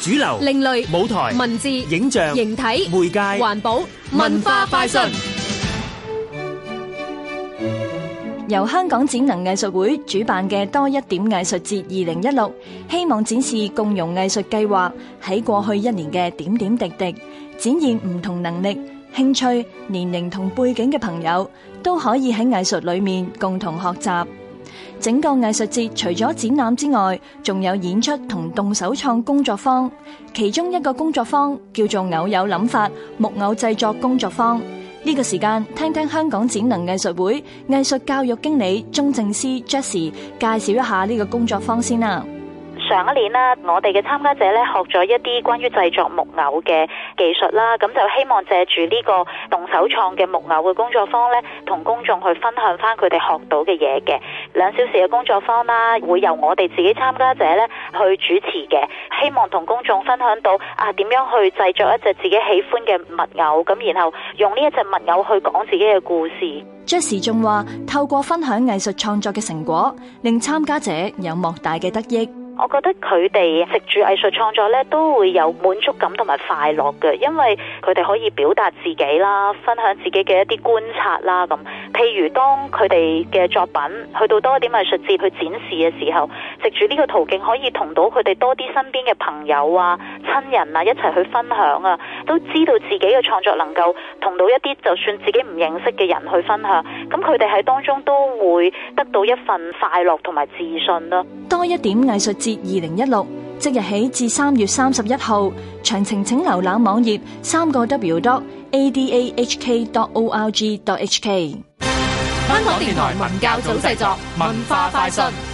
主流，另類，舞台，文字，影像，形體，媒介，環保，整個藝術節除咗展覽之外，仲有演出同動手創工作坊。其中一個工作坊叫做《偶有諗法》木偶製作工作坊。呢、這個呢個時間聽聽香港展能藝術會藝術教育經理鍾正思 Jessie 介紹一下呢個工作坊先啦。上一年啦，我哋嘅參加者咧學咗一啲關於製作木偶嘅技術啦，咁就希望借住呢個動手創嘅木偶嘅工作坊咧，同公眾去分享返佢哋學到嘅嘢嘅。兩小時嘅工作坊啦，會由我哋自己參加者咧去主持嘅，希望同公眾分享到啊點樣去製作一隻自己喜歡嘅木偶，咁然後用呢一隻木偶去講自己嘅故事。Joseph 仲話：透過分享藝術創作嘅成果，令參加者有莫大嘅得益。我覺得佢哋藉住藝術創作咧，都會有滿足感同埋快樂嘅，因為佢哋可以表達自己啦，分享自己嘅一啲觀察啦，咁譬如當佢哋嘅作品去到多一點藝術節去展示嘅時候。藉住呢個途徑，可以同到佢哋多啲身邊嘅朋友啊、親人啊一齊去分享啊，都知道自己嘅創作能夠同到一啲就算自己唔認識嘅人去分享，咁佢哋喺當中都會得到一份快樂同埋自信咯，啊。多一點藝術節二零一六即日起至三月三十一號，詳情請瀏覽網頁三個 W dot A D A H K dot O R G dot H K。香港電台文教組製作文化快訊。